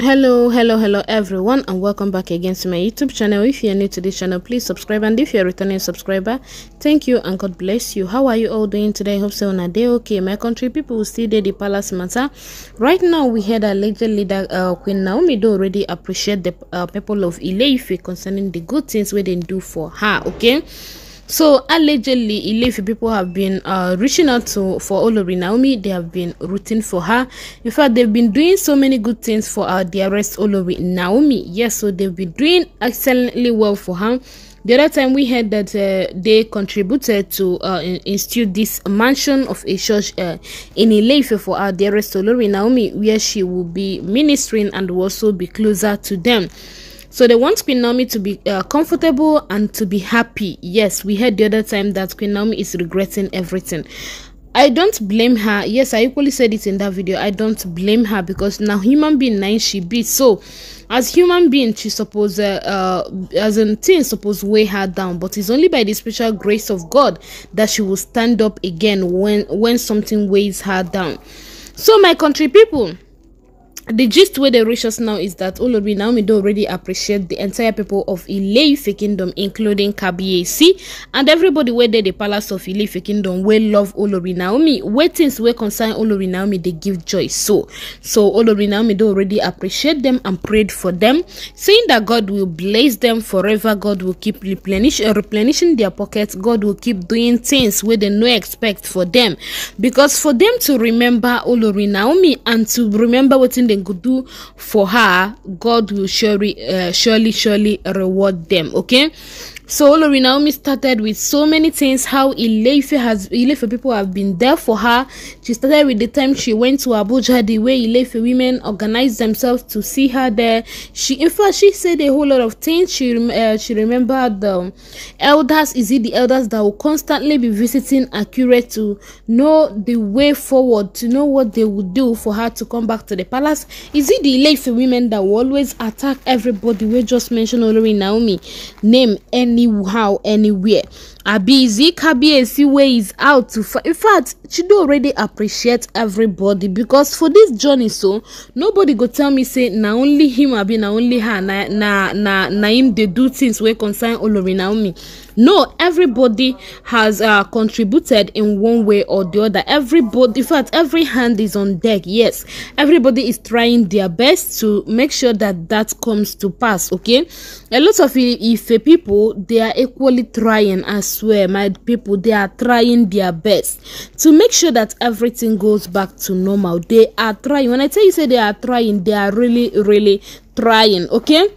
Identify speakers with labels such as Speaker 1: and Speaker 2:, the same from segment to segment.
Speaker 1: hello hello hello everyone and welcome back again to my youtube channel if you are new to this channel please subscribe and if you are a returning subscriber thank you and god bless you how are you all doing today hope so on a day okay my country people will still did the palace matter right now we had a alleged leader uh, queen naomi do already appreciate the uh, people of ileife concerning the good things we didn't do for her okay So allegedly, Ilefi people have been uh, reaching out to for Olori Naomi. They have been rooting for her. In fact, they've been doing so many good things for our uh, dearest Olori Naomi. Yes, so they've been doing excellently well for her. The other time we heard that uh, they contributed to uh, institute this mansion of a church uh, in Ilefe for our uh, dearest Olori Naomi, where she will be ministering and will also be closer to them. So they want Queen Naomi to be uh, comfortable and to be happy. Yes, we heard the other time that Queen Naomi is regretting everything. I don't blame her. Yes, I equally said it in that video. I don't blame her because now human being nine she be so as human being she suppose uh, uh as a thing suppose weigh her down but it's only by the special grace of god that she will stand up again when when something weighs her down so my country people the gist where they reach us now is that Olori Naomi do already appreciate the entire people of Ileife Kingdom, including Kabiesi and everybody where they the palace of Ileife Kingdom will love Olori Naomi, where things where concern Olori Naomi they give joy. So, so Olori Naomi do already appreciate them and prayed for them, saying that God will bless them forever. God will keep replenish, uh, replenishing their pockets. God will keep doing things where they no expect for them, because for them to remember Olori Naomi and to remember what in the can do for her god will surely uh, surely surely reward them okay so Olori Naomi started with so many things how Ilefe has Ilefe people have been there for her. She started with the time she went to Abuja, the way Ilefe women organized themselves to see her there. She in fact she said a whole lot of things. She uh, she remembered the um, elders. Is it the elders that will constantly be visiting Akure to know the way forward, to know what they would do for her to come back to the palace? Is it the Ilefe women that will always attack everybody? We just mentioned Olori Naomi name and anyhow anywhere abi zika bsc is out to in fact chido already appreciate everybody because for this journey so nobody go tell me say na only him abi na only her na na na, na him dey do things wey concern olori naomi no everybody has uh, contributed in one way or the other everybody in fact every hand is on deck yes everybody is trying their best to make sure that that comes to pass okay a lot of ife people they are equally trying as well my people they are trying their best to make sure that everything goes back to normal they are trying when i tell you say they are trying they are really really trying okay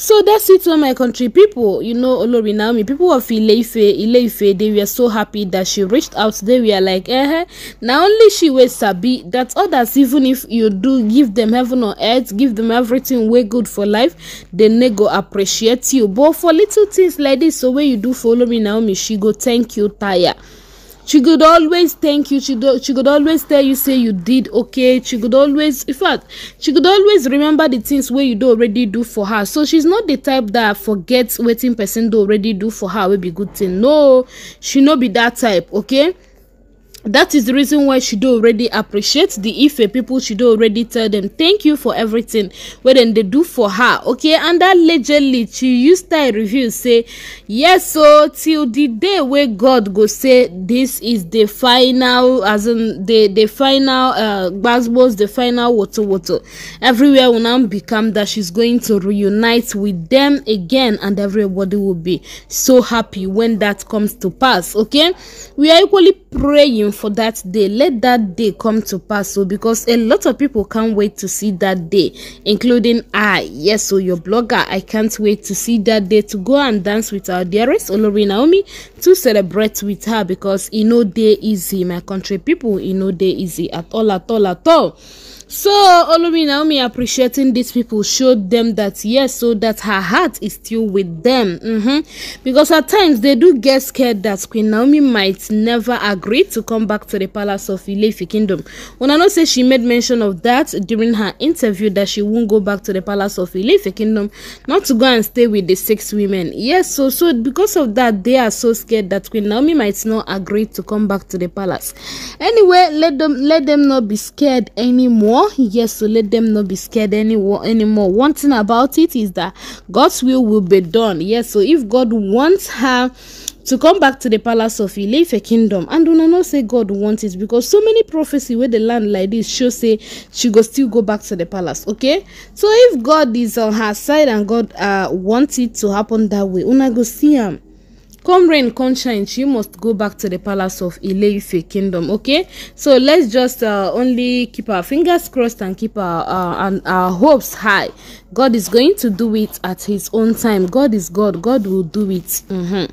Speaker 1: So that's it on my country people. You know Olori Naomi, people of Ileife, Ileife, they were so happy that she reached out. They were like, eh, eh now only she wey sabi that others, even if you do give them heaven on earth, give them everything wey good for life, they they go appreciate you. But for little things like this, so when you do follow me Naomi, she go thank you, tire she could always thank you she, do, she could always tell you say you did okay she could always in fact she could always remember the things wey you do already do for her so she's not the type that forget wetin person do already do for her wey be good thing no she no be that type okay that is the reason why she do already appreciate the ife people she do already tell them thank you for everything wey dem dey do for her okay and allegedly she use style review say yes so, till the day wey god go say this is the final as in the the final uh, gbasgbos the final woto woto everywhere una become that she's going to reunite with them again and everybody will be so happy when that comes to pass okay we are equally praying for that day. Let that day come to pass, so oh, because a lot of people can't wait to see that day, including I. Yes, so oh, your blogger, I can't wait to see that day to go and dance with our dearest Olori Naomi to celebrate with her because you know day easy, my country people. You know day easy at all, at all, at all. So Oluminaomi appreciating these people showed them that yes, so that her heart is still with them. Mm -hmm. Because at times they do get scared that Queen Naomi might never agree to come back to the palace of Ilefi Kingdom. When I know say she made mention of that during her interview that she won't go back to the palace of Ilefi Kingdom, not to go and stay with the six women. Yes, so so because of that they are so scared that Queen Naomi might not agree to come back to the palace. Anyway, let them let them not be scared anymore anymore. Yes, so let them not be scared anymore. Anymore. One thing about it is that God's will will be done. Yes, so if God wants her to come back to the palace of Elife kingdom and una not say God wants it because so many prophecy where the land like this show say she go still go back to the palace okay so if God is on her side and God uh wants it to happen that way una go see him come rain come shine you must go back to the palace of ile kingdom okay so let's just uh, only keep our fingers crossed and keep our uh, and our hopes high god is going to do it at his own time god is god god will do it mm -hmm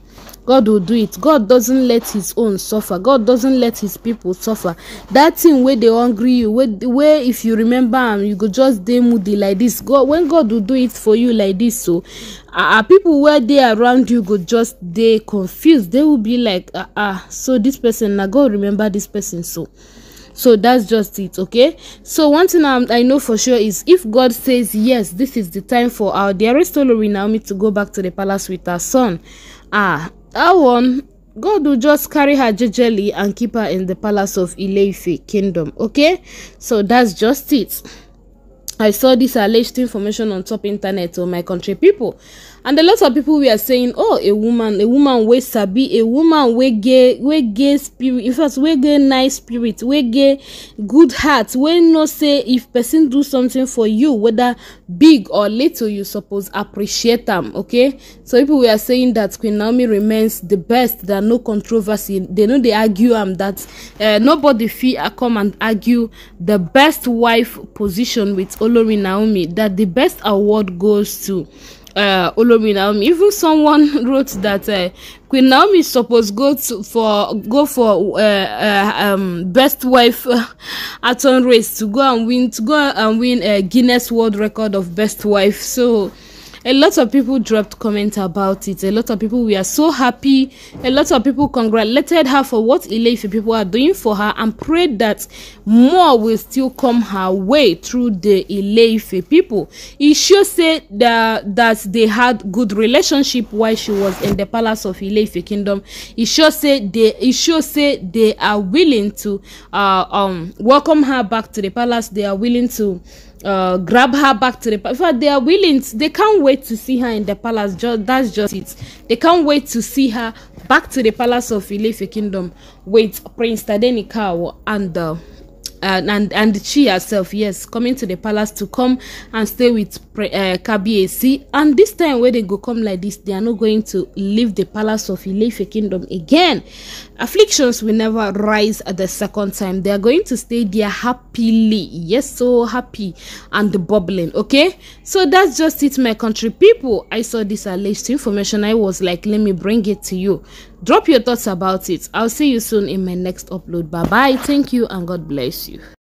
Speaker 1: god will do it god doesn't let his own suffer god doesn't let his people suffer that thing where they hungry you where wey if you remember am you go just dey moody like this god when god will do it for you like this so ah uh, people where they around you go just they confused they will be like ah uh, uh, so this person now god remember this person so so that's just it okay so one thing I'm I know for sure is if god says yes this is the time for our dearest olori naomi to go back to the palace with her son ah That one, God will just carry her jejely and keep her in the palace of Ileife kingdom, okay? So that's just it. I saw this alleged information on top internet on my country people and a lot of people were saying oh a woman a woman wey sabi a woman wey get wey get spirit in fact wey get nice spirit wey get good heart wey know say if person do something for you whether big or little you suppose appreciate am okay so people were saying that queen naomi remains the best there no controversy they no dey argue am that uh, nobody fit ah, come and argue the best wife position with olori naomi that the best award goes to uh, Olori Naomi. Even someone wrote that uh, Queen Naomi is supposed go to for go for uh, uh, um, best wife uh, aton race to go and win to go and win a Guinness World Record of best wife. So. a lot of people dropped comments about it a lot of people we are so happy a lot of people congratulated her for what Ileife people are doing for her and prayed that more will still come her way through the Ileife people it should say that, that they had good relationship while she was in the palace of Ileife kingdom it should say they it should say they are willing to uh, um welcome her back to the palace they are willing to uh, grab her back to the palace. In fact, they are willing, to, they can't wait to see her in the palace. Just, that's just it. They can't wait to see her back to the palace of Ilife Kingdom with Prince Tadenikawa and uh, and, uh, and and she herself yes coming to the palace to come and stay with uh, AC and this time when they go come like this they are not going to leave the palace of Ilife kingdom again afflictions will never rise at the second time they are going to stay there happily yes so happy and bubbling okay so that's just it my country people i saw this alleged information i was like let me bring it to you Drop your thoughts about it. I'll see you soon in my next upload. Bye bye. Thank you and God bless you.